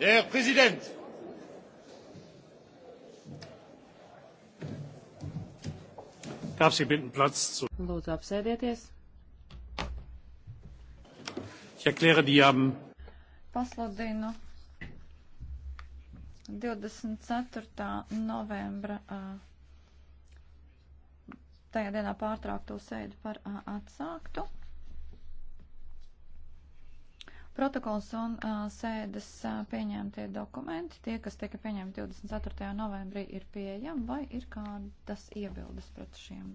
Herr Präsident! Darf Sie bitten, Platz zu. Lūdzu, apsēdieties. Ich erkläre die am. Pasludinu 24. novembra tajā dienā pārtraukto sēdi par atsāktu. Protokols un uh, sēdes uh, pieņemtie dokumenti, tie, kas tika pieņemti 24. novembrī, ir pieejami vai ir kādas iebildes pret šiem?